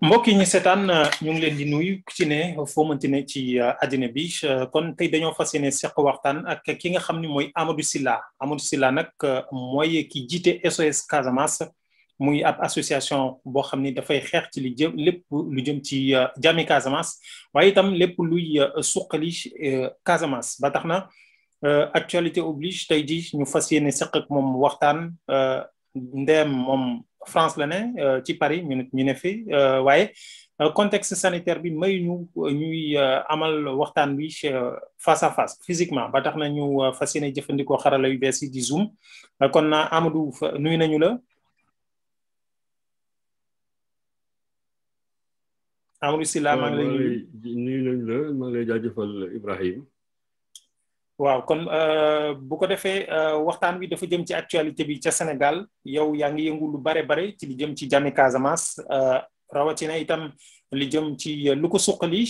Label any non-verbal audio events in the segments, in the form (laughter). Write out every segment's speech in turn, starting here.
mbokk yi ñu seetaan ñu ngi leen di nuyu ku ci ne foo mënti ci uh, àddina bi uh, kon tey dañoo fas yéene seq waxtaan ak ki nga xam ni mooy Amadou Sylla Amadou Sylla nag uh, mooy ki jiite SOS Casamance muy ab association boo xam ni dafay xeex ci li jëm lépp lu jëm ci jàmmi Casamance waaye itam lépp luy suqali Casamance ba tax na actualité oblige tey ji ñu fas yéene seq ak moom waxtaan ndeem moom. France la ne euh, ci Paris ñu ne ñu ne fi euh, waaye euh, contexte sanitaire bi may ñu ñuy amal waxtaan bi face à face physiquement ba tax na ñu fas yéene jëfandikoo xarala yu bees yi di Zoom kon na Amadou nuyu nañu la. Amadou Sylla maa ngi lay nuyu nañu la maa ngi lay jaajëfal Ibrahim waaw kon euh, bu ko defee euh, waxtaan wi dafa jëm ci actualité bi ca Sénégal yow yaa ngi yëngu lu bare bare ci li jëm ci jàmmi Casamance euh, rawatina itam li jëm ci lu ko suqali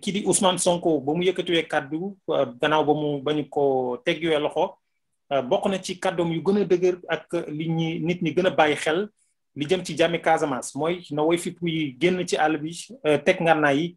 kii di Ousmane Sonko ba mu yëkkatiwee kàddu gannaaw ba mu bañu ko teggiwee loxo bokk na ci kàddoom yu gën a dëgër ak li ñi nit ñi gën a bàyyi xel li jëm ci jàmmi Casamance mooy na woy fipp yi génn ci àll bi teg ngànnaay yi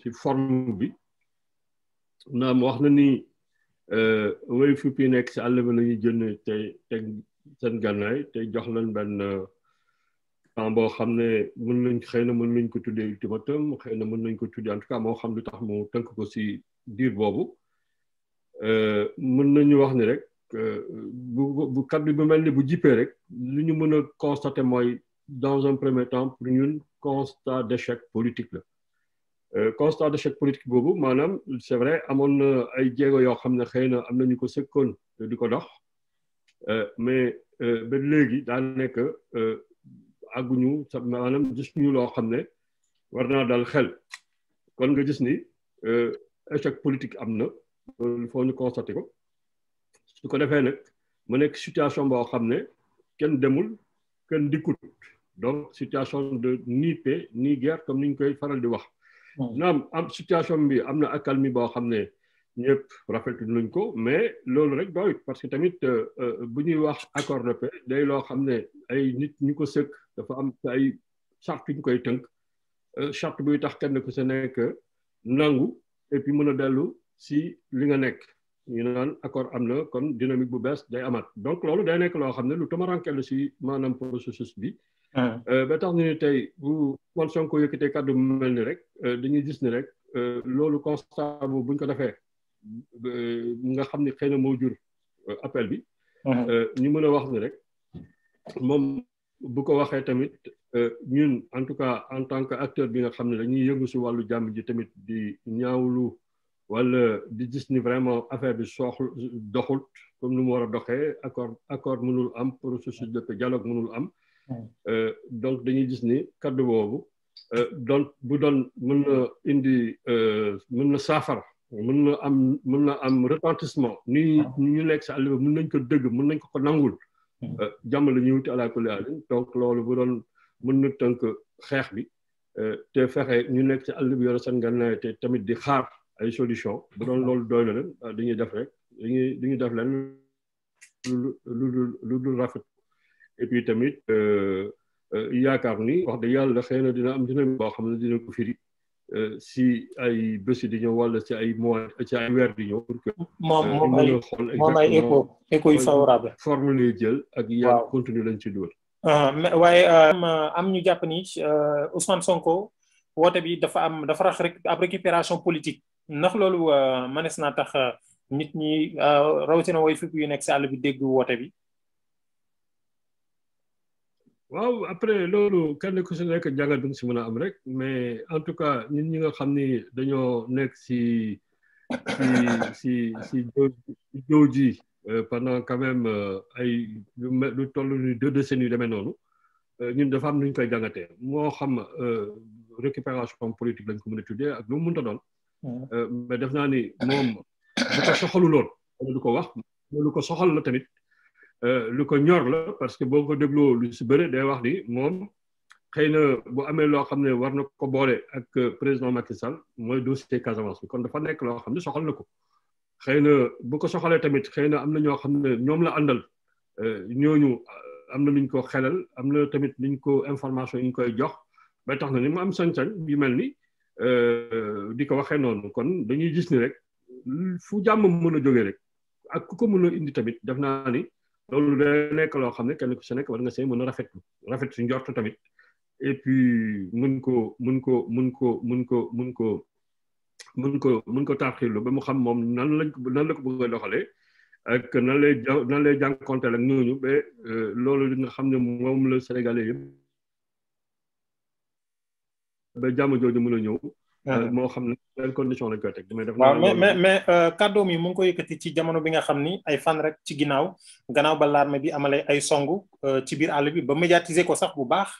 ci forme bi naam na ni euh, way nekk si àll bi la ñuy jënd jox benn temps boo xam mën nañ xëy mën nañ ko tuddee en tout cas xam lu tax rek bu bu kaddu bu mel ni dans un premier temps pour ñun constat d'échec politique euh, constat chaque politique boobu manam c'est vrai amone ay jéego yo xam xeyna amna ñu ko sëkkoon diko di ko dox euh, mais euh, ba léegi daa nekk àgguñu sa maanaam gis ñu loo xam ne war naa dal xel kon nga gis ni échec politique am na loolu foo ñu constaté ko su ko defee nag mu nekk situation bo xam ne kenn demul kenn dikkut donc situation de ni paix ni guerre comme ni ñu koy faral di wax non, am situation bi am na accalmie boo xam ne ñëpp rafetlu nañ ko mais loolu rek parce que tamit bu wax accord de paix day loo xam ay nit ñu ko dafa am ay charte ñu koy tënk charte buy tax kenn nangu et puis mën a si li nga ñu accord am na dynamique bu bees day amaat donc loolu day nekk loo xam ne lu si maanaam processus bi Euh, ba tax na ni tey bu man Sonko yëkkatee kàddu mu mel ni rek euh, dañuy gis ni rek euh, loolu constat bu buñ ko defee nga xam ni xëy na moo jur appel bi. Uh-huh. ñu mën a wax ni rek moom bu ko waxee tamit ñun en tout cas en tant que acteur bi nga xam ne dañuy yëngu si wàllu jàmm ji tamit di ñaawlu wala di gis ni vraiment affaire bi soxla doxul comme ni mu war a doxee accord accord mënul am pour processus de dialogue mënul am. Euh, donc dañuy gis ni kaddu boobu euh, doon bu doon mën na indi euh, mën na saafara mën na am mën na am retentissement ni ñu nekk si àll bi mën nañ ko dëgg mën nañ ko ko nangul hmm. jàmm la ñuy wuti àlakuli alin donc loolu bu doon mën na tënk xeex bi te fexe ñu nekk ci àll bi yore seen gànnaay te tamit di xaar ay solution bu doon loolu doy na leen dañuy def rek dañuy dañuy def leen lu lu lu rafet et puis tamit euh, euh, yaakaar ni wax dëgg yàlla xëy na dina am dina boo xam ne dina ko firi euh, si ay bés di ñëw wala si ay mois weer di ñëw. pour que moom moom ay moom ay écho écho yu favorable. forme lay jël ak yan continue lañ ci dugal. Ah, waaye am ñu jàpp ni Ousmane Sonko woote bi dafa am dafa rax rek récupération politique ndax loolu mënees naa tax nit ñi rawatina way fukk yu nekk si àll bi dégg woote bi. Wow, apre lolo kan le kusen le kan jangan dengan semua amrek. Me antuka nyinga kami danyo nek si si si si doji, doji euh, pendant quand même eh, ay lu tollu ni deux décennies de menono ñun eh, dafa am ñu koy jangate mo xam euh récupération politique lañ ko mëna tuddé ak lu mënta doon hmm. euh mais def na ni mom du ko soxalu lool du ko wax lu ko soxal la tamit Euh, lu ko ñor la parce que boo ko dégloo lu si bëri day wax ni moom xëy na bu amee loo xam ne war na ko boole ak euh, président Macky Sall mooy dossier Casamance bi kon dafa nekk loo xam ne soxal na ko xëy na bu ko soxalee tamit xëy na am na ñoo xam ne ñoom la àndal euh, ñooñu am na luñ ko xelal am na tamit luñ ko information yi ñu koy jox ba tax na ni mu am sañ-sañ yu mel ni di ko waxee noonu kon dañuy gis ni rek fu jàmm mën a jógee rek ak ku ko mën a indi tamit def naa ni loolu da nekk loo xam ne kenn ku si nekk war nga see mën a rafetlu rafet su njort tamit et puis mun ko mun ko mun ko mun ko mun ko mun ko mun ko taaxirlu ba mu xam moom nan lañ nan la ko bëgg a doxalee ak nan lay nan lay jànkonteel ak ñooñu ba euh, loolu li nga xam ne moom la Sénégalais yëpp ba jàmm jooju mën a ñëw Euh, euh. moo xam ne yan condition la koy teg. waaw mais mais mais euh, kàddoom yi mu ngi ko yëkkati ci jamono bi nga xam ni ay fan rek ci ginnaaw gannaaw ba l'armée bi ama amalee ay songu ci biir àll bi ba médiatiser ko sax bu baax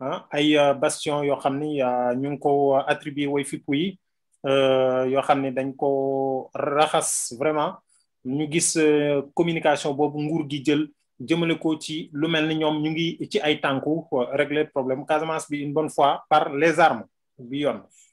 ah, ay bastion yoo xam ni ñu ngi ko atribuer way fippu yi yoo xam ni dañ ko raxas vraiment ñu gis communication boobu nguur gi jël jëmale ko ci lu mel ni ñoom ñu ngi ci ay tànku régler problème Casamance bi une bonne fois par les armes bi yoon.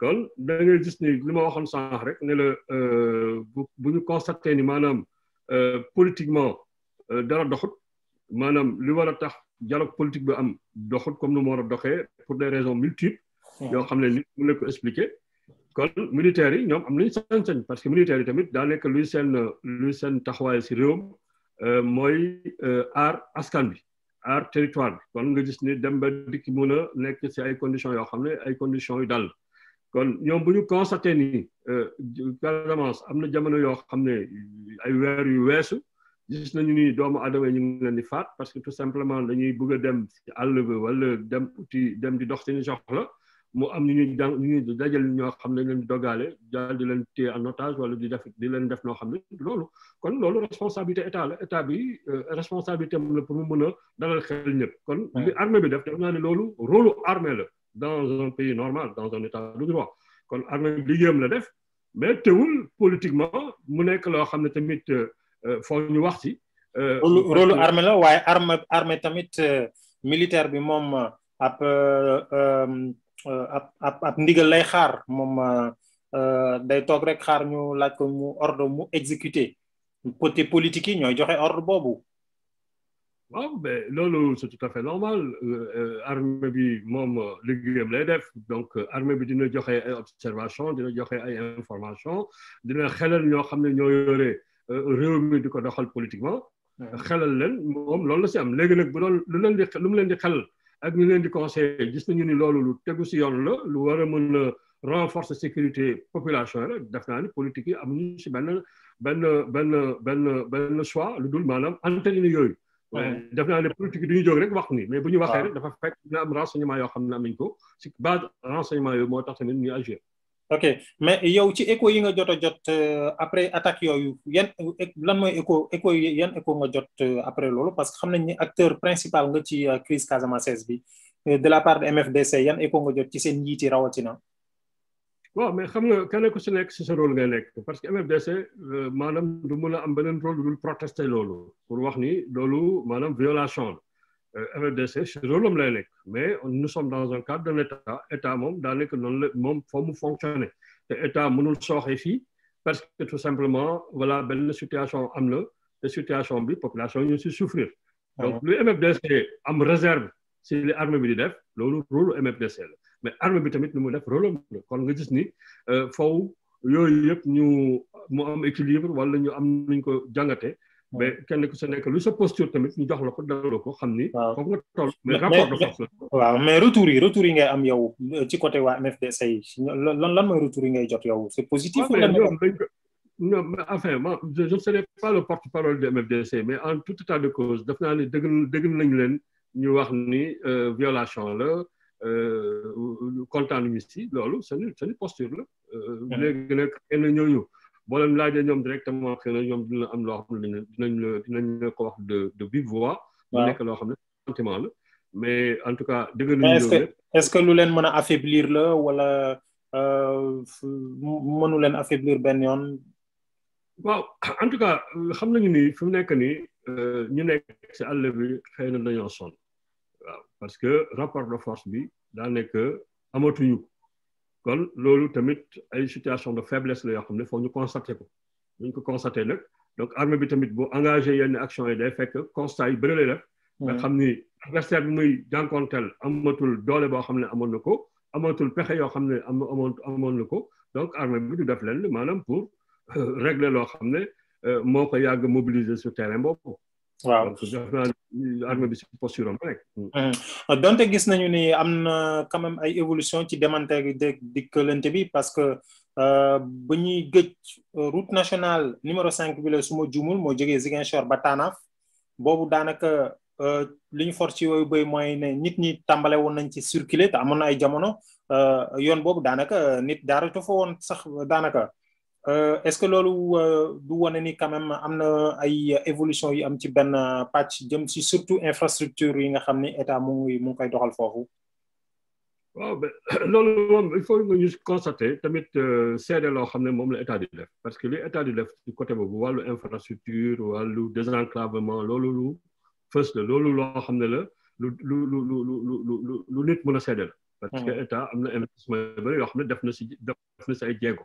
kon da ngay gis ni li ma waxoon sànq rek ne la euh, bu bu ñu constaté ni maanaam euh, politiquement euh, dara doxut maanaam li war a tax dialogue politique bi am doxut comme nu mu war a doxee pour des raisons multiples. yoo xam ne nit mu ne ko expliqué. kon militaires yi ñoom am nañu sañ-sañ parce que militaires yi tamit daa nekk luy seen luy seen taxawaay si réewam mooy aar askan bi aar territoire bi kon nga gis ni dem ba dikk mun a nekk si ay conditions yoo xam ne ay conditions yu dal. kon ñoom bu ñu constaté ni euh, Casamance am na jamono yoo xam ne ay weer yu weesu gis nañu ni doomu aadama ñu ngi leen di faat parce que tout simplement dañuy bëgg a dem ci àll bi wala dem uti dem di dox seen soxla mu am ñu ñuy daan ñu ñuy dajal ñoo xam ne leen doggaale daal di leen téye en otage wala di def di leen def noo xam ne loolu kon loolu responsabilité état la état bi euh, responsabilité am la pour mu mën a dalal ñëpp kon li armée bi def def naa ne loolu rôle armée la dans un pays normal dans un état de droit kon ak nañ la def mais teewul politiquement mu nekk loo xam ne tamit euh, euh, foo ñu wax ci. Euh, rôle armée la waaye arme armée tamit militaire bi euh, ab ab ab ndigal lay xaar euh, day tok rek xaar ñu laaj ko mu ordre mu exécuter côté politique yi ñooy joxe ordre boobu waaw ben, loolu c'est tout à fait normal euh, euh, armée bi moom euh, liggéeyam lay def donc armée bi dina joxe ay observation dina joxe ay information dina xelal ñoo xam ne ñoo yore réew mi di doxal politiquement xelal leen mom loolu la ci am Légui nak bu doon lu leen di lu mu di xelal ak ñu leen di conseillé gis nañu ni loolu lu teggu ci yoon la lu wara a mën renforcer sécurité population yi def naa ni politique yi amuñu ci benn benn benn benn benn choix lu dul maanaam antenne yooyu Euh, def naa ne politique du ñu jóg rek wax ni mais bu ñu waxee rek dafa fekk dina am renseignement yoo xam ne am ko si base renseignement yooyu moo tax tamit ñu agir ok mais yow ci écho yi nga jot a jot euh, après attaque yooyu yan lan mooy écho écho yi yan écho nga jot euh, après loolu parce que xam nañ ni acteur principal nga ci crise Casamance bi de la part de MFDC yan écho nga jot ci seen njiiti rawatina waaw mais xam nga kenn ku si nekk si sa rôle ngay nekk parce que MFDC euh, maanaam du mën a am beneen rôle dul protesté loolu pour wax ni loolu maanaam violation la euh, MFDC si rôle am lay nekk mais nous sommes dans un cadre d'un état état moom daa nekk noonu la moom foo mu fonctionner te état mënul sooxe fii parce que tout simplement voilà benn situation am la te situation bi population ñu si souffrir donc lu MFDC am réserve si les armée bi di def loolu rôle MFDC la mais armée bi tamit nu mu faw am équilibre wala ñu am mais kenn sa lu sa posture tamit ñu jox la ko daloo ko xam mais rapport de mais ngay am yow euh, ci côté MFDC lan lan c'est positif. enfin, je pas le porte-parole de MFDC, mais en tout état de cause, daf leen euh, violation kontaan euh, euh, ñu si loolu seen seen posture la. léegi nag xëy na ñooñu boo leen laajee ñoom directement xëy na ñoom dina am loo xam ne dinañ la dinañ la ko wax de de vive voix. waaw nekk loo xam ne sentiment la mais en tout cas. dëgg nañu est-ce que est-ce que lu leen mën a affaiblir la wala euh, mënu leen affaiblir benn yoon. waaw en tout cas xam nañu ni fi mu nekk ni ñu nekk si àll bi xëy na dañoo sonn parce que rapport de force bi daa nekk amatuñu kon lolu tamit ay situation de faiblesse la yoo xam ne ñu constater, ko buñ ko constater nag donc armée bi tamit bu engagé yenn action yi day fekk constat yi bëri lay nga hmm. xam adversaire bi muy jankontel amatul doole bo xam amon nako amatul pexe yo xam ne am amoon amoon na donc armée bi du def lenn manam pour euh, régler lo xam euh, moko yag mobiliser sur terrain boobu waaw armée bi eh. donte gis nañu ni am na quand ay évolution ci démanteeg dikkalante bi parce que euh, ba ñuy gëj euh, route nationale numéro cinq bi suma su ma juumul moo jógee ba Taanaaf boobu daanaka euh, li ñu for ci yooyu béy mooy ne nit ñi tàmbale woon nañ ci circuler te amoon na ay jamono yoon boobu daanaka nit daaratu fa woon sax daanaka. Euh, est-ce que loolu euh, du wane ni quand même amna ay évolution yu am ci ben patch jëm ci surtout infrastructure yi nga xamné état mu ngi mu koy doxal fofu waaw ben, (coughs) loolu moom il faut nga ñu constater tamit euh, seede loo lo xamné mom la état di def parce que li état di def du côté bobu walu infrastructure walu désenclavement loolu lu fës la lo xamné xam ne la lu lu lu lu lu lu nit mën a parce que hmm. état amna investissement yu bëri yoo def na ci def na si ay jéego.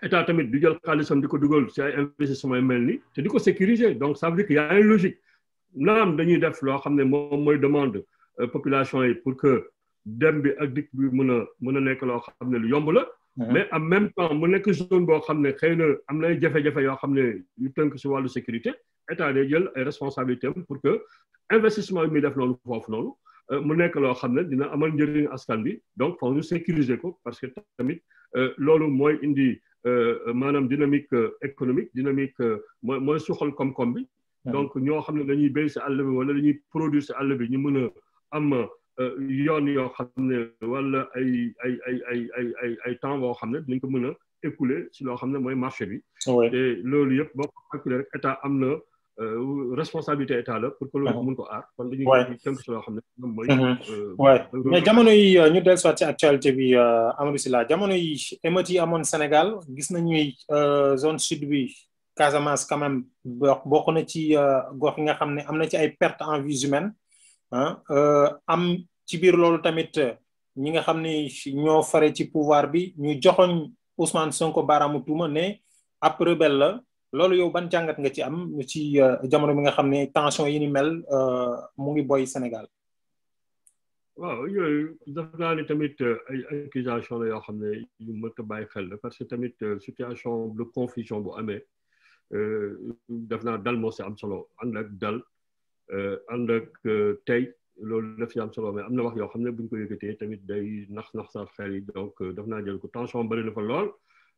état tamit du jël xaalisam di ko dugal ci ay investissement yu mel nii te di ko sécuriser donc ça veut dire que y a une logique naam dañuy def loo xam ne moom mooy demande euh, population yi pour que dem bi ak dikk bi mën a mën a nekk loo xam ne lu yomb la uh-huh. mais en même temps mu nekk zone boo xam ne xëy na am na jafe-jafe yoo xam ne yu tënk si wàllu sécurité état day jël ay responsabilité pour que investissement yi muy def noonu foofu noonu euh, mu nekk loo xam ne dina amal njëriñ askan bi donc foog ñu sécuriser ko parce que tamit euh, loolu mooy indi Euh, euh, maanaam dynamique euh, économique dynamique mooy mooy suxal bi. donc ñoo xam ne dañuy béy si àll bi wala dañuy produire si àll bi ñu mën a am yoon yoo xam ne wala ay ay ay ay ay ay ay temps boo xam ne dinañ ko mën a écouler si loo xam ne mooy marché bi. te loolu yëpp boo ko calculé rek am na. Euh, responsabilité état la pour que loolu mhm. mun mhm. euh, mais jamono yi euh, ñu dellusiwaat ci actualité bi Amadou Sylla jamono yi émeutes yi amoon Sénégal gis nañuy zone sud bi Casamance quand même bokk na ci gox nga xam ne am na ci ay pertes en vies humaines am ci biir loolu tamit ñi nga xam ne ñoo fare ci pouvoir bi ñu joxoñ Ousmane Sonko baaraamu tuuma ne ab rebelle la. loolu yow ban jàngat nga ci am ci euh, jamono bi nga xam ne tension yi ni mel euh, mu ngi boy Sénégal. waaw yooyu def naa ni tamit euh, ay accusation la yoo xam ne yu mën a bàyyi xel la parce que tamit situation de confusion bu amee def naa dal moo si am solo ànd ak dal ànd ak tey loolu def si am am na wax yoo xam ne bu ñu ko tamit day nax nax sa xel yi donc def naa jël ko tension bari na fa lool.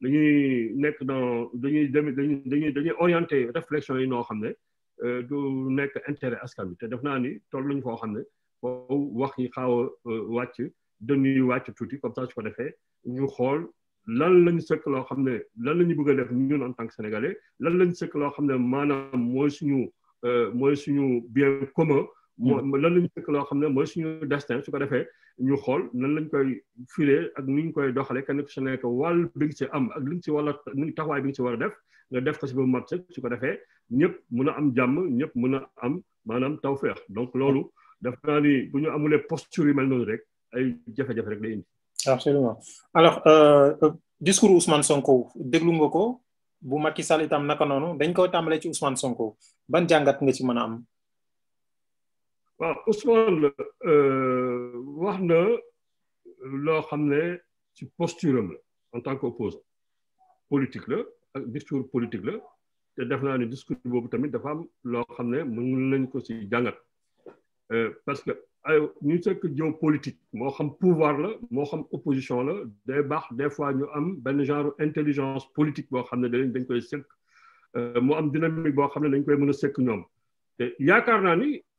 lañuy nekk dans dañuy dañuy dañuy dañuy orienté réflexion yi noo xam ne euh, du nekk intérêt askan bi te def naa ni toll nañu koo xam ne foofu wax yi xaw a euh, wàcc dañuy wàcc tuuti comme ça su ko defee ñu xool lan lañu sëkk loo xam ne lan la ñu bëgg a def ñun en tant que sénégalais lan lañu sëkk loo xam ne maanaam mooy suñu euh, mooy suñu bien commun moo hmm. lan lañu fekk loo xam ne mooy suñu destin su ko defee ñu xool nan lañ koy filee ak nu ñu koy doxalee kenn ku si nekk wàll bi nga ci am ak li nga ci wala taxawaay bi nga ci war a def nga def ko si ba mat su ko defee ñëpp mën a am jàmm ñëpp mën a am maanaam feex donc loolu def naa ni bu ñu amulee post yu mel noonu rek ay jafe-jafe rek day indi. absolument alors euh, euh, discours Ousmane Sonko déglu nga ko bu Macky Sall itam naka noonu dañ koy tàmbalee ci Ousmane Sonko ban jàngat nga ci mën a am. waaw Ousmane euh, na loo xam ne ci posture la en tant qu'opposant politique le discours politique le te def naa discours boobu tamit dafa am loo xam ne mën nañ ko ci jàngat euh, parce que ay ñu sekk géopolitique, politique moo xam pouvoir la moo xam opposition la day baax des fois ñu am ben genre intelligence politique boo xam ne dañ koy sëkk euh, mu am dynamique boo xam ne dañ koy mën a sëkk ñoom te yaakaar naa ni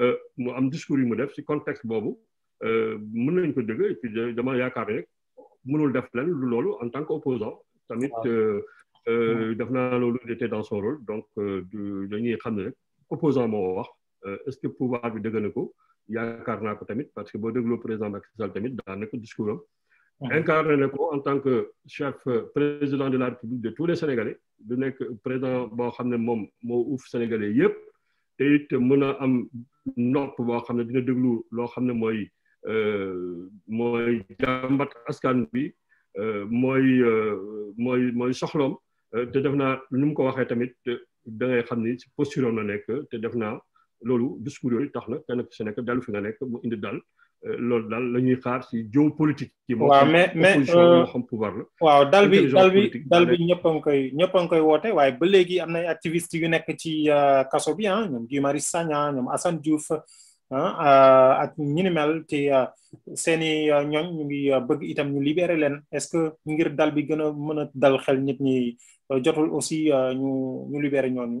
Euh, mu am discours yi mu def si contexte boobu euh, mën nañ ko dëgg et puis dama yaakaar rek mënul def lenn lu loolu en tant que opposant tamit euh, def naa loolu il était dans son rôle donc dañuy xam ne rek opposant moo wax est-ce que pouvoir bi dëgg na ko yaakaar naa ko tamit parce que boo dégloo président Macky Sall tamit daanaka discours am incarné na ko en tant que chef président de la République de tous les Sénégalais du nekk président boo xam ne moom moo uuf Sénégalais yëpp te it mën a am nopp boo xam ne dina déglu loo xam ne mooy euh, mooy jàmbat askan bi euh, mooy euh, mooy mooy soxloom te def naa nu mu ko waxee tamit da xam ni ci posture la nekk te def naa loolu discours yooyu tax na kenn ku si nekk dellu fi nga nekk mu indi daal Euh, loolu daal la ñuy xaar si jëw politique. ci moom waaw mais mais euh, waaw dal bi dal bi dal bi ñëpp a koy ñëpp a woote waaye ba léegi am na ay activiste yu nekk ci euh, kaso bi ah ñoom Guy Marius Sagna ñoom Diouf ah, ak ñi ni mel te seen i ngi bëgg itam ñu libéré leen est-ce que ngir dal bi gën a mën a dal xel nit ñi jotul aussi ñu ñu libéré ñooñu.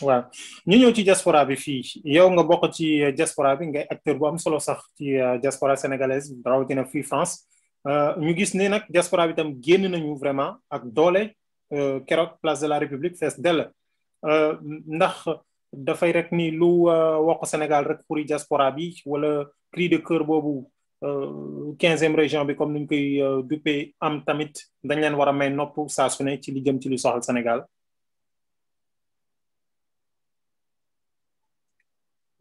nous ñu ñëw ci diaspora bi fii yow nga bokk ci euh, diaspora bi ngay acteur bu am solo sax ci euh, diaspora sénégalaise rawatina fii France euh, ñu gis ne nag diaspora bi tam génn nañu vraiment ak doole keroog place de la République fees Del. ndax dafay rek ni lu Sénégal rek pour diaspora bi wala de cœur e région bi comme ni koy am tamit dañ leen war may nopp saa ci Sénégal.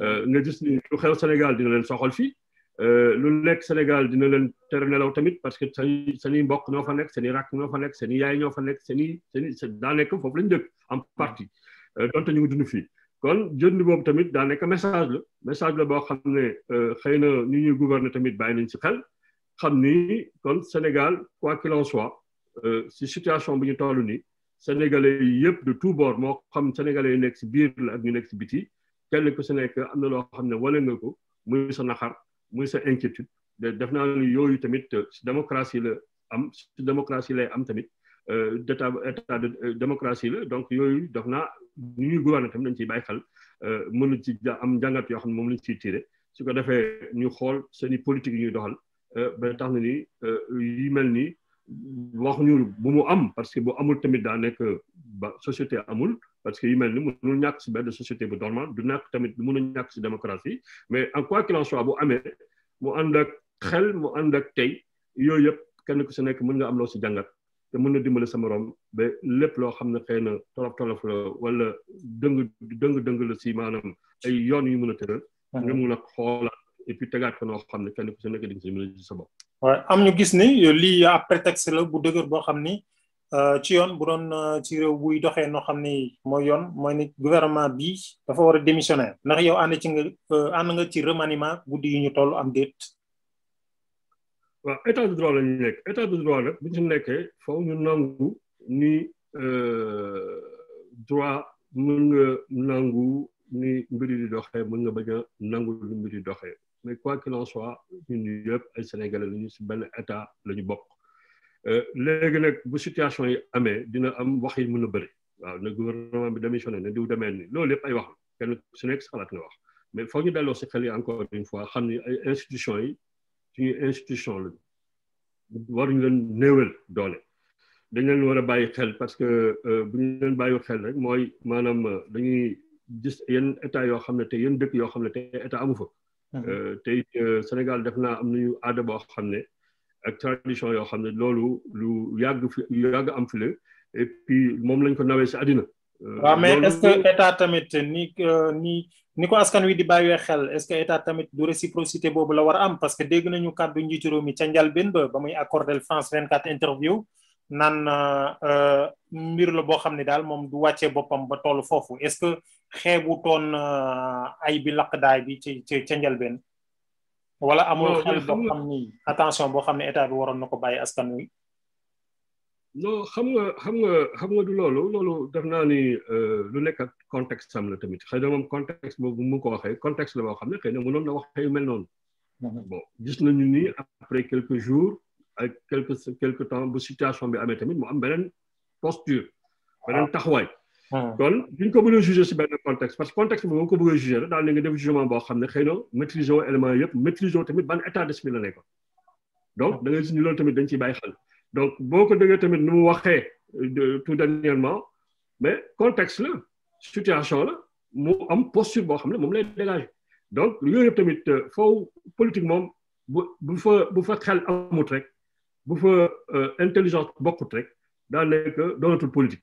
Euh, nga gis ni lu xew Sénégal dina leen soxal fii euh, lu nekk Sénégal dina leen tere nelaw tamit parce que seen seeni mbokk ñoo fa nekk seen i rakk ñoo fa nekk seen i yaay ñoo fa nekk seen i seen i daa nekk foofu lañu dëkk en partie euh, donte ñu ngi dund fii kon jënd boobu tamit daa nekk message la message la boo xam ne xëy na ñu ñuy gouverner tamit bàyyi nañ si xel xam ni kon Sénégal quoi qu'il en soit si situation bi ñu toll nii sénégalais yi yëpp de tout bord moo xam sénégalais yi nekk si biir la ak ñu nekk si biti kenn ku si nekk am na loo xam ne wala nga ko muy sa naxar muy sa inquiétude def naa ni yooyu tamit euh, si démocratie la am si démocratie lay am tamit euh, d'état état de euh, démocratie la donc yooyu def na ni ñuy gouverner tamit ci ciy bàyyi xel mën na ci am njàngat yoo xam ne moom lañ ciy tiire su ko defee ñu xool seeni politique ñuy doxal ba tax na ni yi mel nii waxuñu bu mu am parce que bu amul tamit daa nekk ba société amul parce que yu mel ni mënul ñàkk si benn société bu dormante du ñàkk tamit du mën a ñàkk si démocratie mais en quoi qu'il en bu amee mu ànd ak xel mu ànd ak tey yooyu yëpp kenn ku si nekk mun nga am loo si jàngat te mën na dimbali sa morom ba lépp loo xam ne xëy na tolof tolof la wala dëng dëng dëng la si maanaam ay yoon yu mën a tëral mhm. nga mun a xoolaat et puis tegaat ko noo xam ne kenn ku si nekk di si mën a gis sa bopp waaye am ñu gis ni lii yaa prétexte la bu dëgër boo xam ni Eh, ci yoon bu doon eh, ci réew buy doxee noo xam ni mooy yoon mooy ni gouvernement bii dafa war a démissionnaire ndax yow ànd ci nga eh, ànd nga ci remaniement guddi yi ñu toll am déet. waaw état de droit la ñu nekk état de droit la bu ñu nekkee faw ñu nangu ni droit mën nga nangu ni mbir di doxee mën nga bañ a nangu li mbir di doxee mais quoi qu'il en soit ñun yëpp ay sénégalais la ñu si benn état la ñu bokk. Euh, léegi nag bu situation yi amee dina am wax yi mën a bëri waaw na gouvernement bi démissionné na diw demee ni loolu yëpp ay wax kenn su nekk xalaat nga wax mais foog ñu delloo si xel yi encore une fois xam ni ay institution yi suñuy institution lañu waruñu leen néewal doole dañ leen war a bàyyi xel parce que euh, bu ñu leen bàyyi xel rek mooy maanaam euh, dañuy gis yenn état yoo xam ne te yenn dëkk yoo xam ne te état amu fa tey Sénégal def naa am nu aada boo xam ne ak tradition yoo xam ne loolu lu yàgg fi yàgg am fi et puis moom lañ ko nawee si àddina euh, waaw mais est que état tamit ni euh, ni ni ko askan wi di bàyyee xel est que état tamit du réciprocité boobu la war a am parce que dégg nañu kàddu njiitu réew mi ca njalbeen ba ba muy accordel France 24 interview naan euh, mbir la boo xam ne daal moom du wàccee boppam ba toll foofu est-ce que xeebu toon ay bi laq daay bi ci ca ca wala amul xel boo xam ni attention bo xam état bi waron nako ko bàyyi askan wi. non xam nga xam nga xam nga du lolu lolu def naa ni euh, lu nekk ak contexte am la tamit xëy na moom contexte bobu mu ko waxe contexte la bo xam xeyna mu non la na waxee yu mel non mhm. bon gis nañu ni après quelques jours ak quelques quelques temps bu situation bi amé tamit mu am benen posture beneen ah. taxawaay. Hmm. kon duñ ko mën juger jugé si benn contexte parce que contexte bi boo ko bëggee juger daal di nga def jugement boo xam ne xëy na maîtriser woo éléments yëpp maîtriser woo tamit ban état d'esprit la nekkoon donc da ngay gis ni loolu tamit dañ ciy bàyyi xel donc boo ko déggee tamit nu mu waxee tout dernièrement mais contexte la situation la mu am posture boo xam ne moom lay dégager donc yooyu yëpp tamit euh, foofu politique moom bu bu fa bu fa xel amut rek bu fa euh, intelligence bokkut rek daal nekk doonatul politique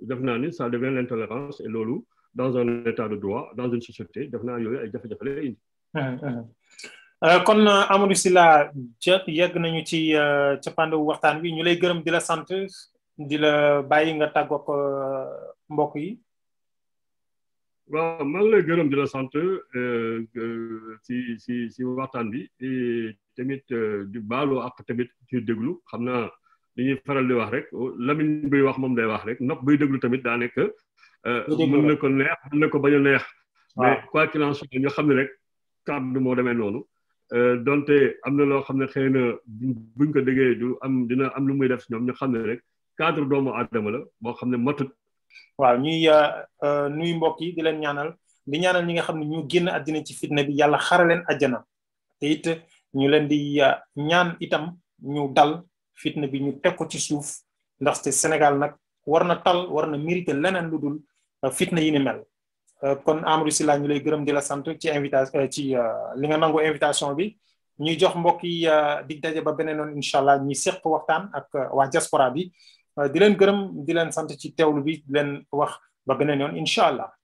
def naa ni ça devient l'intolérance et loolu dans un état de droit dans une société def naa yooyu ay jafe-jafe lay indi ah, ah. Euh, kon euh, Amadou Sylla yegg nañu ci euh, cappaandawu waxtaan bi ñu lay gërëm di la sant di la bàyyi nga tàggoog mbokk yi waaw maa ngi lay gërëm di la sant si si si waxtaan bi tamit di baalu ak tamit ci déglu xam naa dañuy faral di wax rek lamiñ buy wax moom day wax rek nopp buy déglu tamit daa nekk euh, mën na ko neex mën na ko bañ a neex mais quoi qu'il xam ne rek kàddu moo demee noonu euh, donte am na loo xam ne xëy na buñ ko déggee du am dina am lu muy def si ñoom ñu xam ne rek cadre doomu aadama la boo xam ne matut waaw ñuy euh, nuy mbokk yi di leen ñaanal di ñaanal ñi nga xam ne ñu génn àddina ci fitna bi yàlla xaraleen àjjana te it ñu leen di ñaan itam ñu dal fitna bi ñu teg ko ci suuf ndax te sénégal nag war tal warna na mérité leneen lu dul euh, fitna yi ni mel euh, kon amadou sila ñu lay gërëm di la sant ci invitation euh, ci li nga nangu invitation bi ñu jox mbokk yi di dajé ba benen non inshallah ñi sekk waxtaan ak wa diaspora bi di leen gërëm di leen sant ci tewlu bi di leen wax ba benen non inshallah